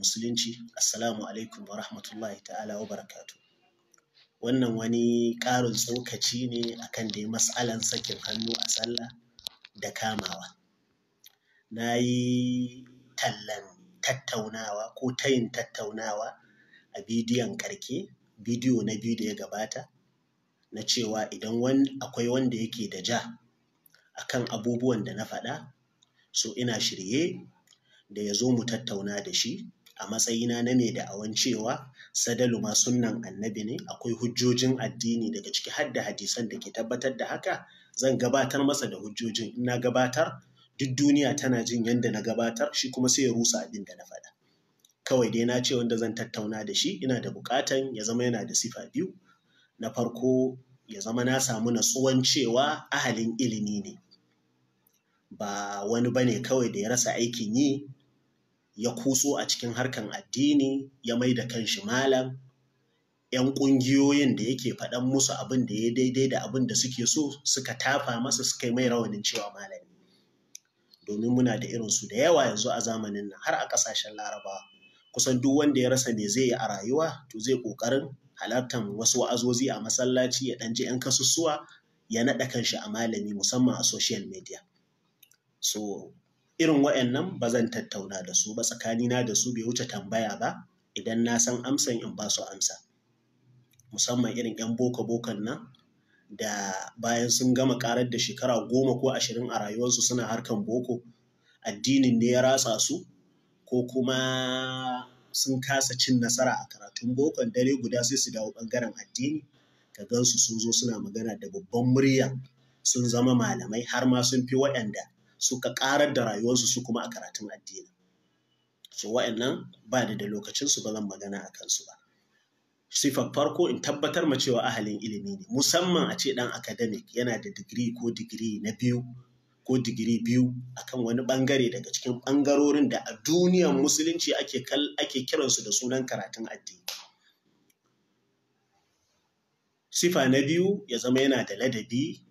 musulunci assalamu alaikum wa rahmatullahi ta'ala wa barakatu wannan wani ƙarin tsokaci ne akan dai matsalan sakin hannu a sallah da kamawa na yi tallan tattaunawa ko tayin tattaunawa a bidiyon karke bidiyo na biyu da ya gabata na cewa idan akwai wanda yake da ja akan abubuwan da na faɗa so ina shirye da ya zo mu tattauna da shi a matsayina na mai da'awan cewa sadalu ma sunnan annabi ne akwai hujjojin addini daga ciki har hadisan da ke tabbatar da haka zan gabatar masa da hujjojin in na gabatar duk duniya tana jin yadda na gabatar shi kuma sai ya rusa abin da na faɗa kawai dai na ce wanda zan tattauna da shi ina da bukatan, ya zama yana da sifa biyu na farko ya zama na samu natsuwan cewa ahalin ilimi ne ba wani bane kawai da ya rasa aikin yi ya kuso a cikin harkan addini ya mai da kanshi malam yan ƙungiyoyin da yake faɗan musu abin da ya daidai da abin da suke so suka tafa masa suka yi mai rawanin cewa malami domin muna da irin su da yawa yanzu a zamanin nan har a ƙasashen larabawa kusan duk wanda ya rasa me zai yi a rayuwa to zai ƙoƙarin halartar wasu wa'azozi a masallaci ya ɗan ji 'yan kasussuwa ya naɗa kanshi a malami musamman a social media so irin waɗannan ba zan tattauna da su ba tsakanina da su bai wuce tambaya ba idan na san amsan in ba su amsa musamman irin 'yan boko bokan nan da bayan sun gama karar da shekara goma ko ashirin a rayuwarsu suna harkan boko addinin ne ya ratsa su ko kuma sun kasa cin nasara a karatun bokon dare guda sai su dawo bangaren addini ka gansu sun zo suna magana da babban murya sun zama malamai har ma sun fi waɗanda suka karar da rayuwarsu su kuma a karatun addini so wa'annan ba da da lokacinsu ba zan magana a kansu ba sifar farko in tabbatar ma cewa ahalin ilimi ne musamman a ce ɗan academic yana da digiri ko digiri na biyu ko digiri biyu akan wani bangare daga cikin ɓangarorin da a duniyar musulunci ake ake kiransu da sunan karatun addini sifa na biyu ya zama yana da ladabi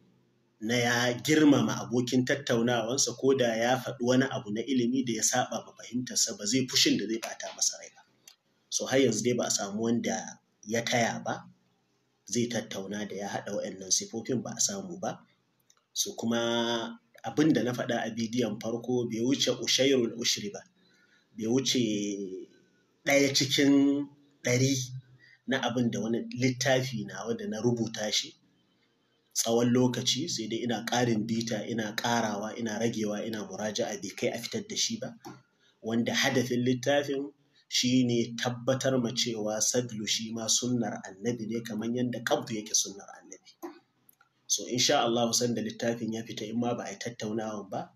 na ya girmama abokin tattaunawansa ko da ya faɗi wani abu na ilimi da ya saba ma fahimtarsa ba zai fushin da zai ɓata masa rai ba so har yanzu dai ba a samu wanda ya taya ba zai tattauna da ya haɗa wa'annan sifofin ba a samu ba So kuma abin da na faɗa a bidiyon farko bai wuce ushairul Ushiri ba bai wuce ɗaya cikin ɗari na abin da wani littafi na wanda na rubuta shi tsawon lokaci sai dai ina ƙarin bita ina ƙarawa ina ragewa ina muraja a bai kai a fitar da shi ba wanda hadafin littafin shine tabbatar ma cewa sadlu shi ma sunnar annabi ne kamar yadda kabdu yake sunnar annabi so insha Allah san da littafin ya fita in ma ba a yi tattaunawa ba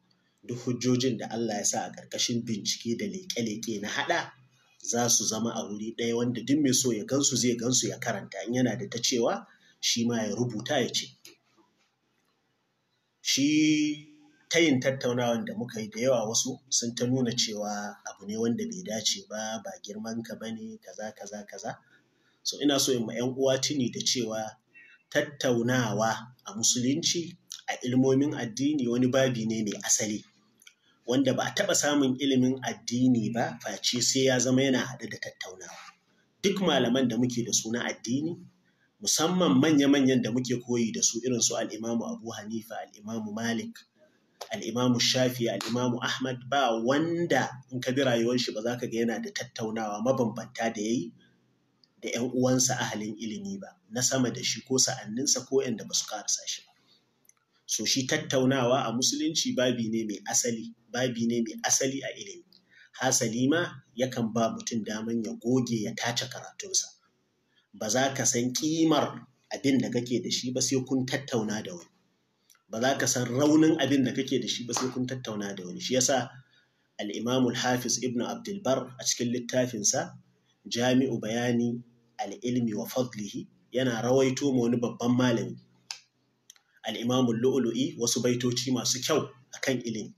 duk hujjojin da Allah ya sa a ƙarƙashin bincike da leƙe-leƙe na haɗa za su zama a wuri ɗaya wanda duk mai so ya gansu zai gansu ya karanta in yana da ta cewa shi ma ya rubuta ya ce shi ta yin tattaunawan da muka yi da yawa wasu sun ta nuna cewa abu ne wanda bai dace ba ba girman ka ne, kaza kaza kaza so ina so in ma yan uwa tuni da cewa tattaunawa a musulunci a ilmomin addini wani babi ne mai asali wanda ba a taɓa samun ilimin addini ba face sai ya zama yana haɗe da tattaunawa duk malaman da muke da su na addini musamman manya-manyan da muke koyi da su irin su al'imamu abu hanifa al'imamu malik al'imamu shafi al'imamu ahmad ba wanda in ka bi rayuwar shi ba za ka ga yana da tattaunawa mabambanta da ya yi da 'yan uwansa ahalin ilimi ba na sama da shi ko sa'anninsa ko yadda ba su karasa shi ba so shi tattaunawa a musulunci babi ne mai asali babi ne mai asali a ilimi hasali ma yakan ba mutum daman ya goge ya tace karatunsa ba za ka san ƙimar abin da kake da shi ba sai kun tattauna da wani ba za ka san raunin abin da kake da shi ba sai kun tattauna da wani shi yasa al Al'imamul hafiz Ibn Abdulbar a cikin littafinsa Jami'u Bayani al-Ilmi wa Fadlihi yana rawaito ma wani babban malami al-Imam wasu baitoci masu kyau akan ilimi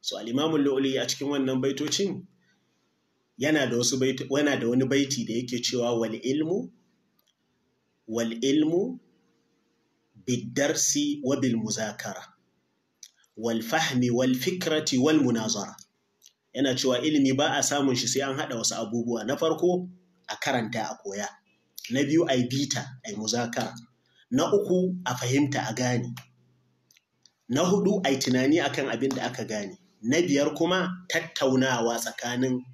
so al-Imam a cikin wannan baitocin yana da wasu baiti yana da wani baiti da yake cewa wal ilmu wal ilmu bidarsi wa bil muzakara wal fahmi wal fikrati wal munazara yana cewa ilimi ba a samun shi sai an hada wasu abubuwa na farko a karanta a koya na biyu a bita a muzakara na uku a fahimta a gane na hudu a tunani akan abin da aka gane na biyar kuma tattaunawa tsakanin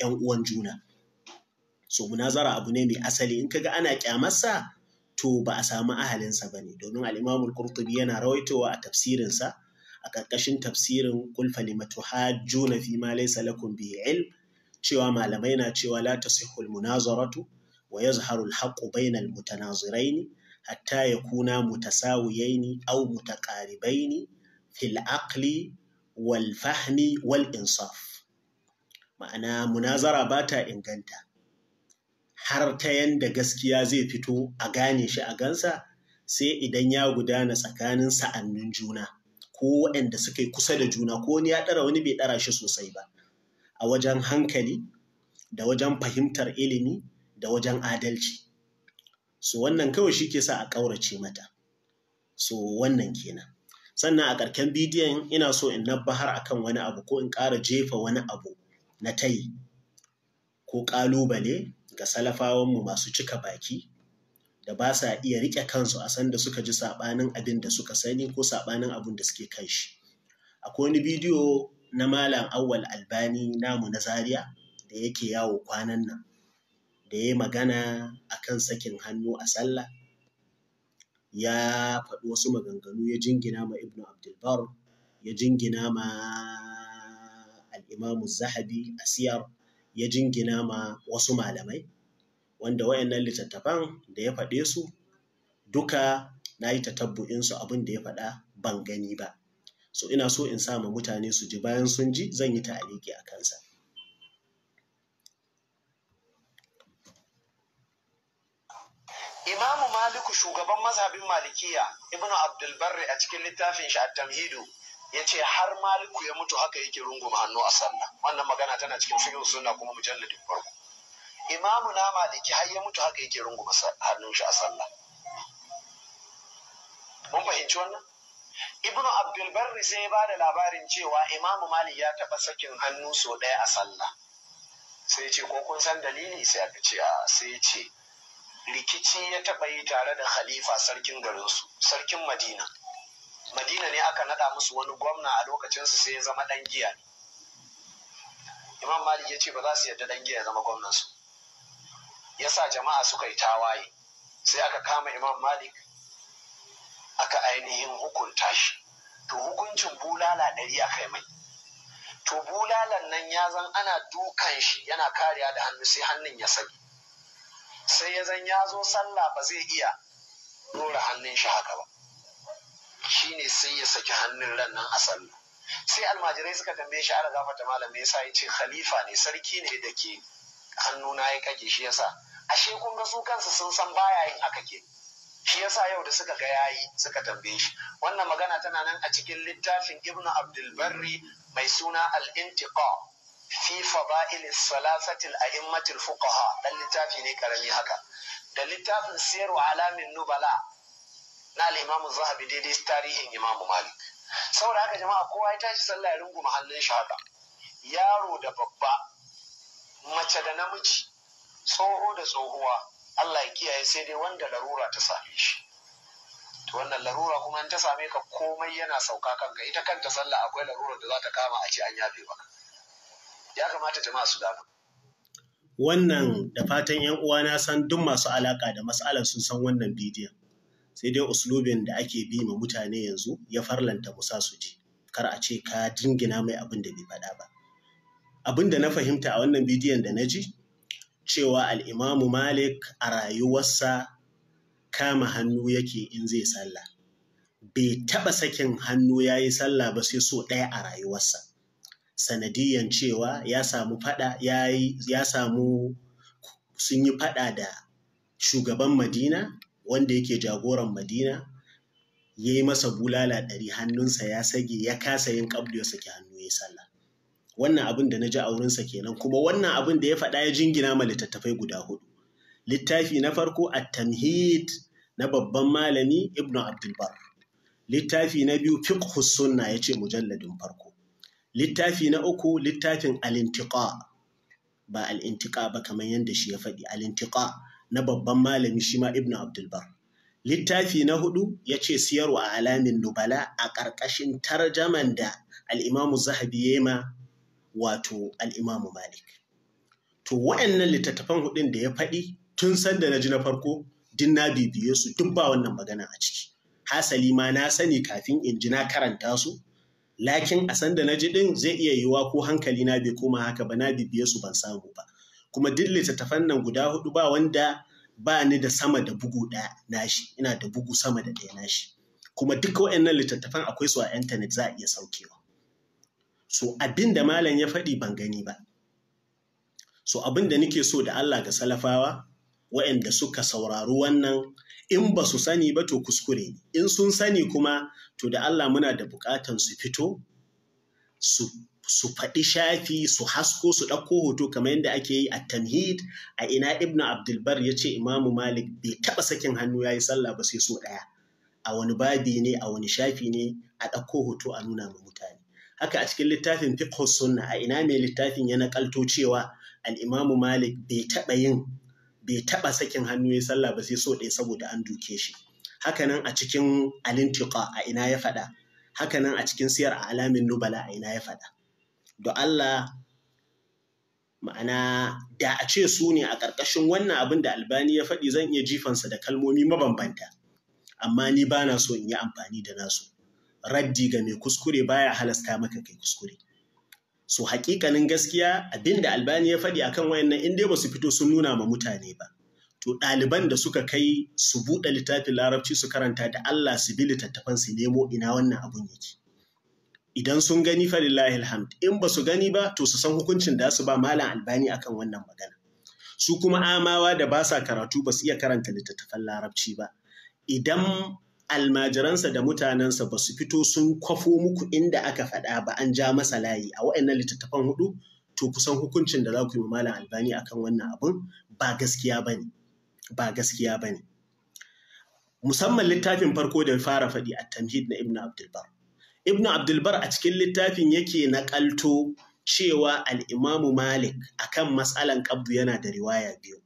‘yan uwan juna. So munazara abu ne mai asali in ka ga ana kyamarsa to ba a samu ahalinsa ba ne domin al'imamul qurtubi yana rawaitowa a tafsirinsa a ƙarƙashin tafsirin kulfa limatu hajjuna fi ma laysa lakum bi ilm cewa malamai na cewa la tasihul munazaratu wa yazharu al-haqqu bainal mutanaziraini hatta yakuna mutasawiyaini aw mutaqaribaini fil aqli wal fahmi wal insaf ma'ana munazara ba ta inganta har ta yanda gaskiya zai fito a gane shi a gansa sai idan ya gudana tsakanin sa'annin juna ko waɗanda suka yi kusa da juna ko wani ya ɗara wani bai ɗara shi sosai ba a wajen hankali da wajen fahimtar ilimi da wajen adalci so wannan kawai shi ke sa a ƙaurace mata so wannan kenan sannan a ƙarken bidiyon ina so in har akan wani abu ko in ƙara jefa wani abu na tayi ko ƙalubale ga salafawanmu masu cika baki da ba sa iya riƙe kansu a san da suka ji saɓanin abin da suka sani ko saɓanin abin da suke kan shi. Akwai wani bidiyo na Malam Awwal Albani namu na Zaria da yake yawo kwanan nan da ya magana a kan sakin hannu a sallah ya faɗi wasu maganganu ya jingina ma Ibn Abdulbar ya jingina ma al'imamu zahabi a siyar ya jingina ma wasu malamai wanda wayannan littattafan da ya faɗe su duka na yi ta su abin da ya faɗa ban gani ba so ina so in sa ma mutane su ji bayan sun ji zan yi ta'aliki a kansa imamu maliku shugaban mazhabin malikiya ibnu abdulbarri a cikin littafin shi at-tamhidu ya ce har maliku ya mutu haka yake rungu hannu a sallah wannan magana tana cikin fiqh sunna kuma mujalladin farko imamu na maliki har ya mutu haka yake rungu hannun shi a sallah mun fahimci wannan ibn abdul sai ya bada labarin cewa imamu malik ya taba sakin hannu sau ɗaya a sallah sai ce ko kun san dalili sai aka ce a sai ce rikici ya taba yi tare da khalifa sarkin garinsu sarkin madina madina ne aka nada musu wani gwamna a lokacinsu sai ya zama dan giya imam malik ya ce ba za su yarda dan giya ya zama gwamnansu su yasa jama'a suka yi tawaye sai aka kama imam malik aka ainihin hukunta shi to hukuncin bulala dari a kai mai to bulalan nan ya zan ana dukan shi yana kariya da hannu sai hannun ya sani sai ya zan ya zo sallah ba zai iya dora hannun shi haka ba shine sai ya saki hannun ran nan a Sallu. sai almajirai suka tambaye shi ala gafata malam me yasa yace khalifa ne sarki ne da ke hannuna ya kake shi yasa ashe kun ga su kansu sun san baya yin aka ke shi yasa yau da suka ga yayi suka tambaye shi wannan magana tana nan a cikin littafin ibnu abdul barri mai suna al-intiqa fi fada'il salasatil a'immatil fuqaha dan littafi ne karami haka da littafin sirru alamin nubala na al'imamu zahabi daidai tarihin imamu malik saboda haka jama'a kowa ya tashi sallah ya rungu mahallin shaka yaro da babba mace da namiji tsoho da tsohuwa Allah ya kiyaye sai dai wanda larura ta same shi to wannan larura kuma in ta same ka komai yana sauka kanka ita kanta sallah akwai larura da za ta kama a ce an yafe maka ya kamata jama'a su damu wannan da fatan yan uwa na san duk masu alaka da mas'alar sun san wannan bidiyon sai dai uslubin da ake bi ma mutane yanzu ya farlanta musa su ji kar a ce ka dingina mai abin da bai faɗa ba abin da na fahimta a wannan bidiyon da na ji cewa al'imamu malik a rayuwarsa kama hannu yake in zai sallah bai taɓa sakin hannu ya yi sallah ba sai so ɗaya a rayuwarsa sanadiyan cewa ya samu faɗa ya samu sun yi faɗa da shugaban madina wanda yake jagoran madina ya yi masa bulala ɗari hannunsa ya sage ya kasa yin ƙabdu ya saki hannu ya sallah wannan abin da na ji a wurinsa kenan kuma wannan abin da ya faɗa ya jingina ma littattafai guda hudu littafi na farko at-tamhid na babban malami ibnu abdulbar littafi na biyu fiqhu sunna ce mujalladin farko littafi na uku littafin al ba al ba kamar yadda shi ya faɗi al na babban malami shi ma Ibn Abdulbar. Littafi na hudu ya ce siyarwa a alamin nubala a ƙarƙashin tarjaman da al'imamu zahabi ya ma wato al'imamu Malik. To wa'annan littattafan hudun da ya faɗi tun sanda na ji na farko din na bibiye su duk ba wannan magana a ciki. Hasali ma na sani kafin in ji na karanta su, lakin a sanda na ji ɗin zai iya yiwuwa ko hankali na bai koma haka ba na bibiye su ban samu ba. kuma duk littattafan nan guda hudu ba wanda ba ni da sama da bugu ɗaya nashi ina da bugu sama da ɗaya nashi kuma duk waɗannan littattafan akwai su a intanet za a iya saukewa so abin da malam ya faɗi ban gani ba so abin da nake so da Allah ga salafawa waɗanda suka sauraro wannan in ba su sani ba to kuskure ne in sun sani kuma to da Allah muna da buƙatan su fito su su faɗi shafi su hasko su ɗauko hoto kamar yadda ake yi a tamhid a ina ibnu abdulbar ya ce imamu malik bai taɓa sakin hannu ya yi sallah ba sai so ɗaya a wani babi ne a wani shafi ne a ɗauko hoto a nuna ma mutane haka a cikin littafin fiqh sunna a ina mai littafin ya nakalto cewa al-imamu malik bai taɓa yin bai taɓa sakin hannu ya yi sallah ba sai so ɗaya saboda an duke shi hakanan a cikin alintiqa a ina ya faɗa hakanan a cikin siyar a alamin nubala a ina ya faɗa da Allah ma'ana da a ce su ne a ƙarƙashin wannan abin da albani ya faɗi zan iya jifansa da kalmomi mabambanta amma ni ba na so in yi amfani da nasu raddi ga mai kuskure baya halasta maka kai kuskure so hakikanin gaskiya abin da albani ya faɗi akan wayannan in dai ba su fito sun nuna ma mutane ba to ɗaliban da suka kai su buɗe littafin larabci su karanta da Allah su bi littattafan su nemo ina wannan abun yake idan sun gani falillahi hamd, in ba su gani ba to su san hukuncin da su ba malam albani akan wannan magana su kuma amawa da ba sa karatu ba su iya karanta littattafan larabci ba idan almajiransa da mutanensa ba su fito sun kwafo muku inda aka faɗa ba an ja masa layi a wa'annan littattafan hudu to kusan hukuncin da za ku yi wa malam albani akan wannan abun ba gaskiya bane ba gaskiya bane musamman littafin farko da fara faɗi a tamhid na ibnu abdulbar Ibn Abdulbar a cikin littafin yake naƙalto cewa al'imamu Malik a kan matsalan ƙabdu yana da riwaya biyu.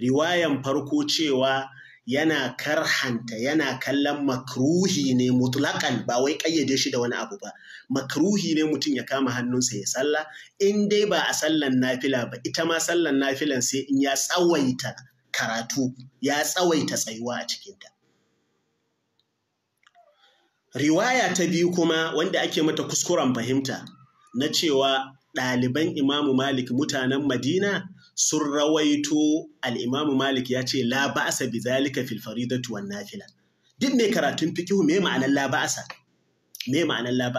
Riwayan farko cewa yana karhanta yana kallon makruhi ne mutlaƙan ba wai ƙayyade shi da wani abu ba. Makruhi ne mutum ya kama hannunsa ya salla. in dai ba a sallan nafila ba ita ma sallan nafilan sai in ya tsawaita karatu ya tsawaita tsayuwa a cikinta. Riwaya ta biyu kuma wanda ake mata kuskuren fahimta na cewa ɗaliban Imamu Malik mutanen Madina sun rawaito al'imamu Malik ya ce la ba'asa bi zalika fil faridatu wan nafila. Duk mai karatun fikihu me ma'anar la ba'asa? Me ma'anar la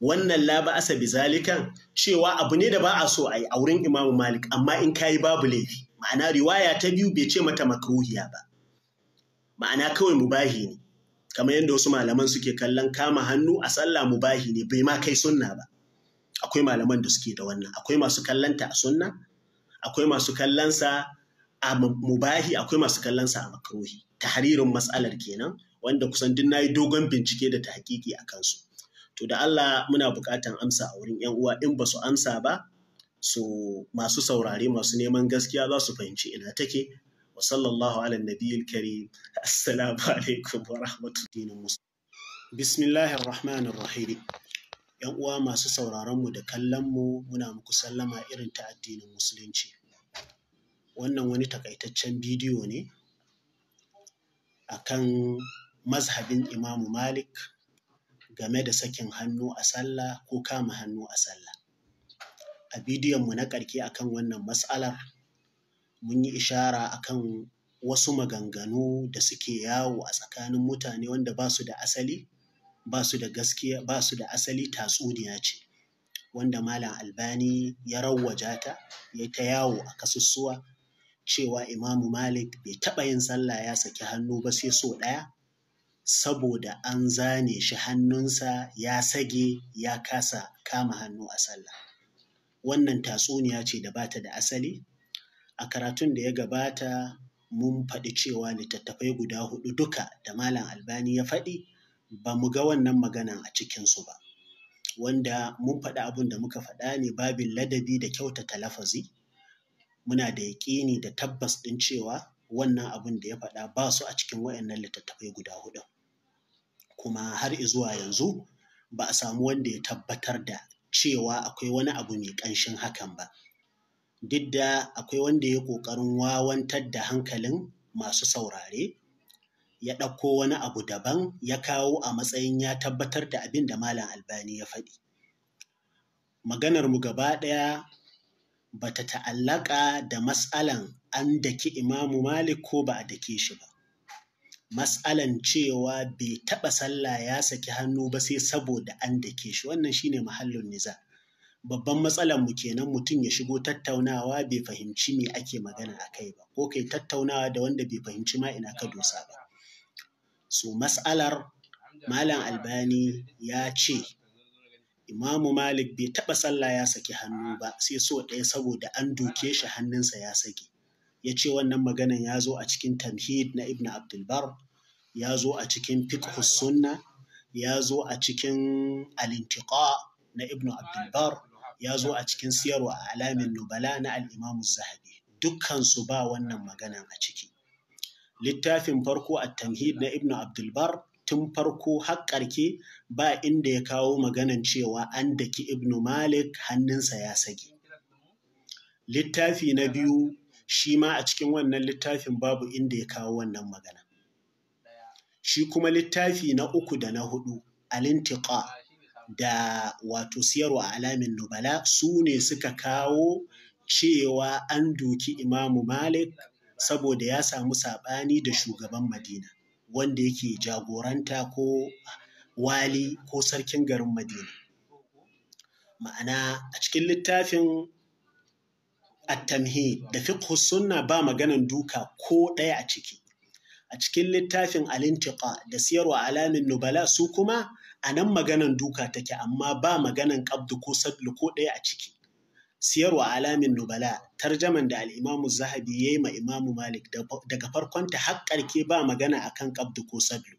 Wannan la ba'asa bi zalikan cewa abu ne da ba a so a yi a wurin Imamu Malik amma in ka yi babu laifi. Ma'ana riwaya ta biyu bai ce mata makruhiya ba. Ma'ana kawai mubahi ne. kamar yadda wasu malaman suke kallon kama hannu a sallah mubahi ne bai ma kai sunna ba akwai malaman da suke da wannan akwai masu kallanta a sunna akwai masu kallonsa a mubahi akwai masu kallonsa a makruhi tahririn matsalar kenan wanda kusan duk nayi dogon bincike da ta tahqiqi a kansu to da Allah muna buƙatan amsa a wurin 'yan uwa in ba su amsa ba su masu saurare masu neman gaskiya za su fahimci ina take wa ala nabiyil karim assalamu alaikum wa rahmatullahi wa bismillahir rahmanir rahim yan uwa masu sauraron mu da kallon mu muna muku sallama irin ta addinin musulunci wannan wani takaitaccen bidiyo ne akan mazhabin imamu malik game da sakin hannu a sallah ko kama hannu a sallah a bidiyon mu na ƙarke akan wannan matsalar mun yi ishara akan wasu maganganu da suke yawo a tsakanin mutane wanda ba su da asali ba su da gaskiya ba su da asali tatsuniya ce wanda malam albani ya rawwaja ta ya ta yawo a kasussuwa cewa imamu malik bai taɓa yin sallah ya saki hannu ba sai so ɗaya saboda an zane shi hannunsa ya sage ya kasa kama hannu a sallah wannan tatsuniya ce da bata da asali a karatun da ya gabata mun faɗi cewa littattafai guda hudu duka da Malam Albani ya faɗi ba mu ga wannan maganan a cikinsu ba. Wanda mun faɗi abin da muka faɗa ne babin ladabi da kyautata lafazi, muna da yaƙini da tabbas ɗin cewa wannan abin da ya faɗa ba su a cikin wayannan littattafai guda hudu. Kuma har zuwa yanzu ba a samu wanda ya tabbatar da cewa akwai wani abu mai ƙanshin hakan ba. duk da akwai wanda ya ƙoƙarin wawantar da hankalin masu saurare ya ɗauko wani abu daban ya kawo a matsayin ya tabbatar da abin da malam albani ya faɗi maganar mu gaba ɗaya ba ta ta'allaka da matsalan an daki imamu malik ko ba a dake shi ba matsalan cewa bai taɓa sallah ya saki hannu ba sai saboda an dake shi wannan shine mahallin niza babban matsalar mu kenan mutum ya shigo tattaunawa bai fahimci me ake magana a kai ba ko kai tattaunawa da wanda bai fahimci ma ina ka dosa ba so matsalar, malam albani ya ce imamu malik bai taɓa sallah ya saki hannu ba sai so ɗaya saboda an duke shi hannunsa ya saki ya ce wannan maganan ya zo a cikin tamhid na ibn abdulbar ya zo a cikin fiqh sunna ya zo a cikin alintiqa na ibn abdulbar ya zo a cikin siyarwa a alamin nubala na al'imamu zahabi dukkansu ba wannan maganan a ciki littafin farko a tamhid na Ibn abdulbar tun farko har ba inda ya kawo maganan cewa an daki ibnu malik hannunsa ya sage littafi na biyu shi ma a cikin wannan littafin babu inda ya kawo wannan magana shi kuma littafi na uku da na hudu alintiqa da wato siyarwa alamin nubala su ne suka kawo cewa an doki imamu malik saboda ya samu saɓani da shugaban madina wanda yake jagoranta ko wali ko sarkin garin madina ma'ana a cikin littafin at tamhi da fiqh sunna ba maganan duka ko ɗaya a ciki a cikin littafin alintika da siyarwa alamin nubala su kuma a nan maganan duka take amma ba maganan ƙabdu ko sadlu ko ɗaya a ciki siyarwa alamin nubala tarjaman da al'imamu zahabi ya yi ma imamu malik daga farkonta har ke ba magana a kan ƙabdu ko sadlu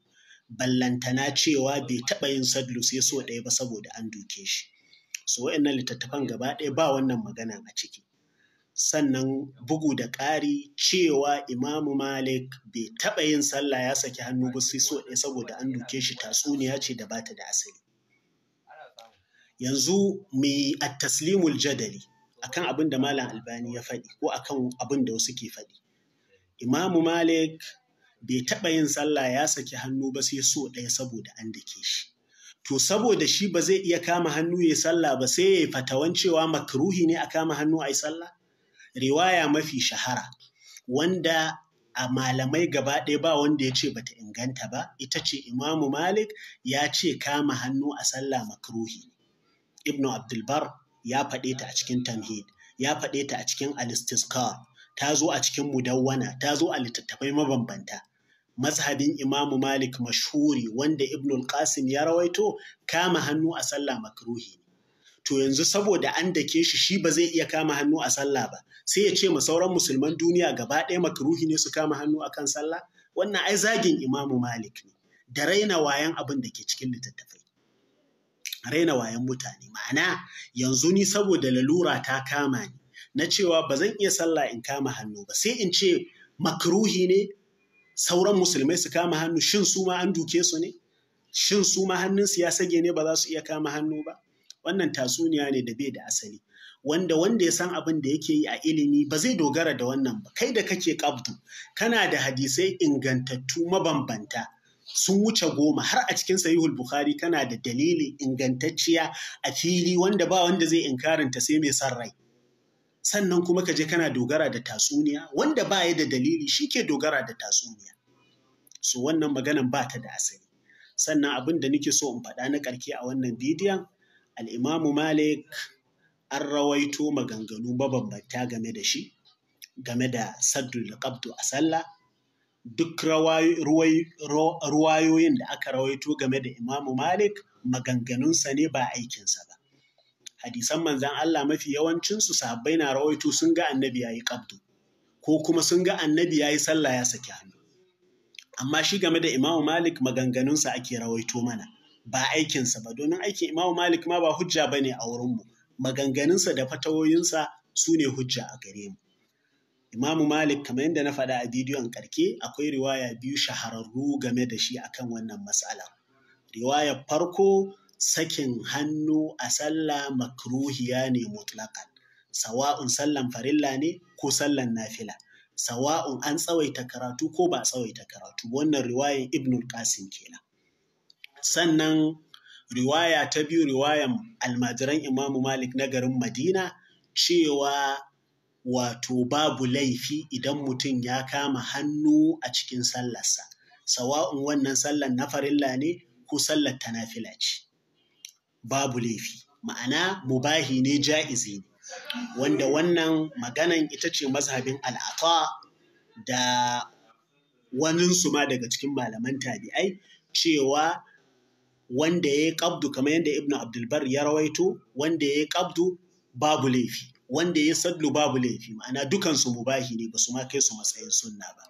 ballantana cewa bai taɓa yin sadlu sai so ɗaya ba saboda an duke shi so wa'annan littattafan gaba ɗaya ba wannan magana a ciki sannan bugu da ƙari cewa imamu malik bai taɓa yin sallah ya saki hannu ba sai so ɗaya saboda an duke shi tatsuniya ce da bata da asali yanzu mu yi at jadali akan abin da malam albani ya faɗi ko akan abin da wasu ke faɗi imamu malik bai taɓa yin sallah ya saki hannu ba sai so ɗaya saboda an dake shi to saboda shi ba zai iya kama hannu ya sallah ba sai ya fatawan cewa makruhi ne a kama hannu a yi sallah riwaya mafi shahara wanda a malamai gaba ɗaya ba wanda ya ce bata inganta ba ita ce imamu malik ya ce kama hannu a sallah makruhi ibnu abdulbar ya faɗe ta a cikin tamhid ya faɗe ta a cikin alistiskar ta zo a cikin mudawwana ta zo a littattafai mabambanta mazhabin imamu malik mashhuri wanda ibnul qasim ya rawaito kama hannu a sallah makruhi to yanzu saboda an dake shi shi ba zai iya kama hannu a sallah ba sai ya ce ma sauran musulman duniya gaba ɗaya makaruhi ne su kama hannu a kan sallah wannan ai zagin imamu malik ne da raina wayan abin da ke cikin littattafai raina wayan mutane ma'ana yanzu ni saboda lalura ta kama ni na cewa ba zan iya sallah in kama hannu ba sai in ce makruhi ne sauran musulmai su kama hannu shin su ma an duke su ne shin su ma hannun siyasa ne ba za su iya kama hannu ba wannan tatsuniya ne da bai da asali wanda wanda ya san abin da yake yi a ilimi ba zai dogara da wannan ba kai da kake kabdu kana da hadisai ingantattu mabambanta sun wuce goma har a cikin sahihul bukhari kana da dalili ingantacciya a fili wanda ba wanda zai inkarinta sai mai san rai sannan kuma ka je kana dogara da tatsuniya wanda ba ya da dalili shi ke dogara da tatsuniya su wannan maganan ba ta da asali sannan abin da nake so in faɗa na ƙarke a wannan bidiyon al'imamu malik an rawaito maganganu mabambanta game da shi game da saddul qabdu a sallah duk ruwayoyin da aka rawaito game da imamu malik maganganunsa ne ba aikinsa ba hadisan manzan Allah mafi yawancinsu sahabbai na rawaito sun ga annabi ya yi ƙabdu ko kuma sun ga annabi ya yi sallah ya saki hannu amma shi game da imamu malik maganganunsa ake rawaito mana ba aikinsa ba domin aikin imamu Malik ma ba hujja ba ne a wurinmu maganganunsa da fatawoyinsa su ne hujja a gare mu. Imam Malik kamar yadda na faɗa a bidiyon karke akwai riwaya biyu shahararru game da shi akan wannan matsala Riwaya farko sakin hannu a sallah makruhiya ne mutlakan sawa'un sallan farilla ne ko sallan nafila. sawa'un an tsawaita karatu ko ba tsawaita karatu wannan riwayan ibnul qasim kenan sannan riwaya ta biyu riwayan almajiran imamu malik na garin madina cewa wato babu laifi idan mutum ya kama hannu a cikin sallarsa sawa'un wannan sallar na farilla ne ko sallar ta nafila ce babu laifi ma'ana mubahi ne ja'izi ne wanda wannan maganan ita ce mazhabin al'ata da waninsu ma daga cikin malaman tabi'ai cewa wanda ya yi kabdu kamar yadda ibn abdulbar ya rawaito wanda ya yi kabdu babu laifi wanda ya sadlu babu laifi ma'ana dukansu mubahi ne ba su ma kai su matsayin sunna ba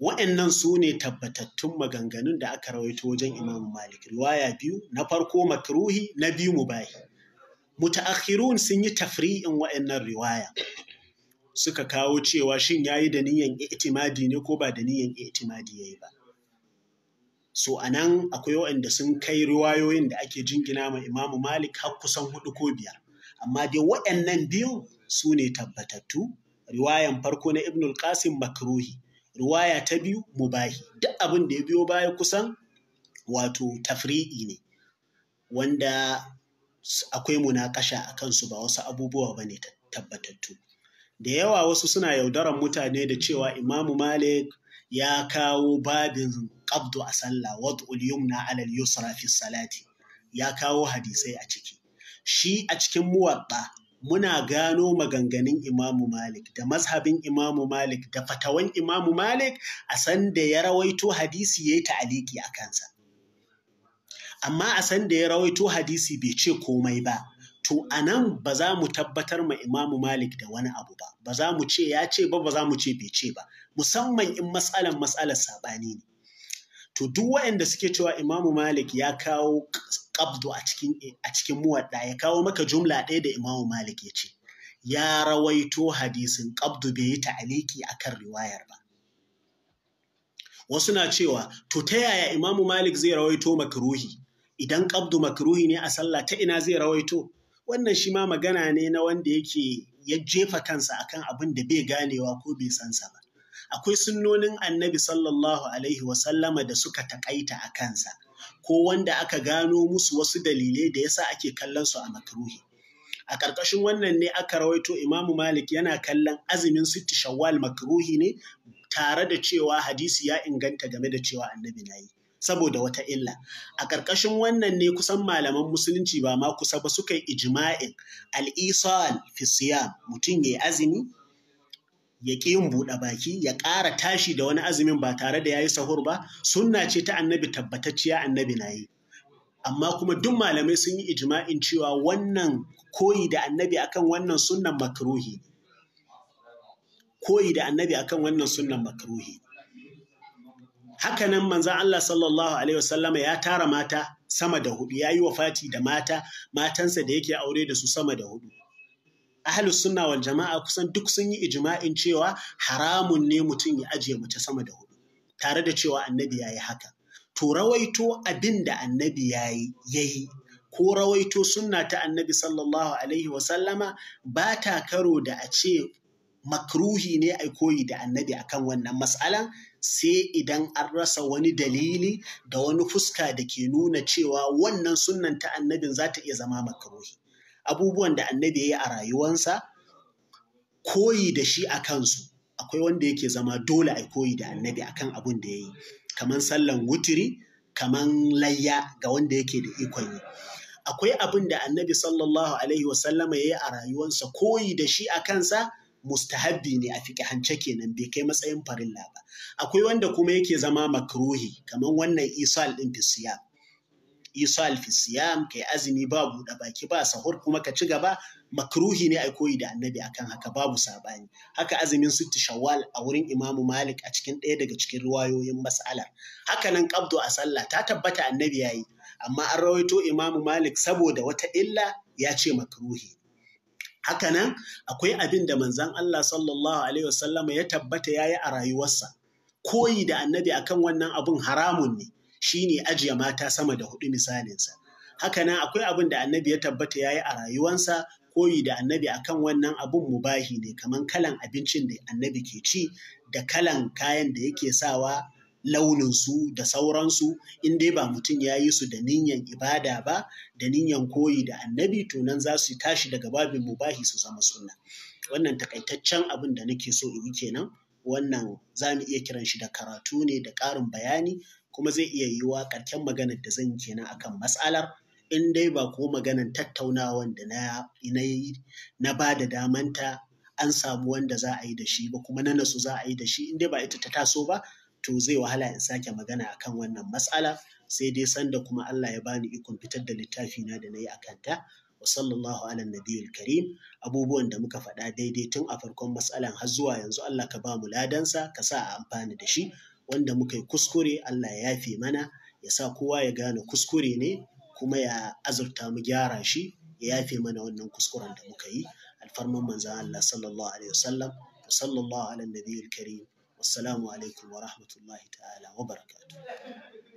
wa'annan su ne tabbatattun maganganun da aka rawaito wajen imamu malik riwaya biyu na farko makruhi na biyu mubahi mutaakhirun sun yi tafri'in wa'annan riwaya suka kawo cewa shin yayi da niyan i'timadi ne ko ba da niyan i'timadi yayi ba so a nan akwai waɗanda sun kai riwayoyin da ake jingina ma imamu malik har kusan hudu ko biyar amma dai waɗannan biyu? su ne tabbatattu riwayan farko na ibnul qasim makruhi riwaya ta biyu mubahi duk abin da ya biyo baya kusan wato tafri'i ne wanda akwai munakasha a kansu ba wasu abubuwa ba ne tabbatattu da yawa wasu suna yaudaran mutane da cewa imamu malik ya kawo babin alƙabdu a sallah wad'ul yumna alal yusra fi salati ya kawo hadisai a ciki shi a cikin muwatta muna gano maganganun imamu malik da mazhabin imamu malik da fatawan imamu malik a san da ya rawaito hadisi ya yi ta'aliki a kansa amma a san da ya rawaito hadisi bai ce komai ba to a nan ba za mu tabbatar ma imamu malik da wani abu ba ba za mu ce ya ce ba ba za mu ce bai ce ba musamman in matsalan matsalar saɓani ne to duk waɗanda suke cewa imamu malik ya kawo kabdu a cikin muwaɗa, muwadda ya kawo maka jumla ɗaya da imamu malik ya ce ya rawaito hadisin kabdu bai yi ta'aliki a kan riwayar ba wasu na cewa to ta yaya imamu malik zai rawaito makruhi idan kabdu makruhi ne a sallah ta ina zai rawaito wannan shi ma magana ne na wanda yake ya jefa kansa akan abin da bai ganewa ko bai sansa ba akwai sunnonin annabi sallallahu alaihi wasallama da suka takaita a kansa ko wanda aka gano musu wasu dalilai da yasa ake kallon su a makruhi a ƙarƙashin wannan ne aka rawaito imamu malik yana kallon azumin sitti shawwal makruhi ne tare da cewa hadisi ya inganta game da cewa annabi na yi saboda wata illa a ƙarƙashin wannan ne kusan malaman musulunci ba ma kusa ba suka yi ijma'in al-isal fi siyam mutum yayi azumi ya ƙi yin buɗe baki ya ƙara tashi da wani azumin ba tare da ya yi sahur ba sunna ce ta annabi tabbatacciya annabi na yi amma kuma duk malamai sun yi ijima'in cewa wannan koyi da annabi akan wannan sunnan makruhi koyi da annabi akan wannan sunnan makruhi hakanan manzan Allah sallallahu alaihi wasallama ya tara mata sama da hudu ya yi Fati da mata matansa da yake aure da su sama da hudu ahalus sunna wal jama'a kusan duk sun yi ijima'in cewa haramun ne mutum ya ajiye mace sama da hudu tare da cewa annabi ya yi haka to rawaito abin da annabi ya yi yayi ko rawaito sunna ta annabi sallallahu alaihi wasallama ba ta karo da a ce makruhi ne a koyi da annabi akan wannan matsalan sai idan an rasa wani dalili da wani fuska da ke nuna cewa wannan sunnan ta annabin za ta iya zama makruhi abubuwan da annabi ya yi a rayuwansa koyi da shi a kansu akwai wanda yake zama dole a koyi da annabi akan abun da ya yi kaman sallan wutiri kaman layya ga wanda yake da ikon yi akwai abun da annabi sallallahu alaihi wasallama ya yi a rayuwansa koyi da shi a kansa mustahabbi ne a hance kenan bai kai matsayin farilla ba akwai wanda kuma yake zama makruhi kamar wannan isal ɗin fisiya isa alfisiyam kai azumi ba buɗe baki ba sahur kuma ka ci gaba makruhi ne ai koyi da annabi akan haka babu sabani haka azumin sitti shawwal a wurin imamu malik a cikin ɗaya daga cikin riwayoyin mas'alar haka nan qabdu a sallah ta tabbata annabi yayi amma an rawaito imamu malik saboda wata illa ya ce makruhi haka nan akwai abin da manzon Allah sallallahu alaihi wasallam ya tabbata yayi a rayuwarsa koyi da annabi akan wannan abun haramun ne Shi ne ajiye mata sama da hudu misalinsa hakanan akwai abin da annabi ya tabbata ya yi a rayuwansa koyi da annabi akan wannan abun mubahi ne kamar kalan abincin da annabi ke ci da kalan kayan da yake sawa launinsu da sauransu in dai ba mutum ya yi su da niyan ibada ba da niyan koyi da annabi tunan za su tashi daga babin mubahi su zama sunna wannan takaitaccen abin da nake so in yi kenan wannan za mu iya kiran shi da karatu ne da ƙarin bayani kuma zai iya yiwuwa ƙarshen maganar da zan kenan akan matsalar in dai ba ko maganar tattaunawa da na yi na ba da damanta an samu wanda za a yi da shi ba kuma na nasu za a yi da shi in dai ba ita ta taso ba to zai wahala in sake magana akan wannan matsala sai dai sanda kuma Allah ya bani ikon fitar da littafi na da na yi akanta wa sallallahu ala nabiyil karim abubuwan da muka faɗa daidai tun a farkon matsalan har zuwa yanzu Allah ka bamu mu ladansa ka sa a amfani da shi wanda muka yi kuskure Allah ya yafe mana ya sa kowa ya gane kuskure ne kuma ya azurta mu gyara shi ya yafe mana wannan kuskuren da muka yi alfarman manzan Allah sallallahu alaihi wasallam wa sallallahu wa ta'ala wa barakatuh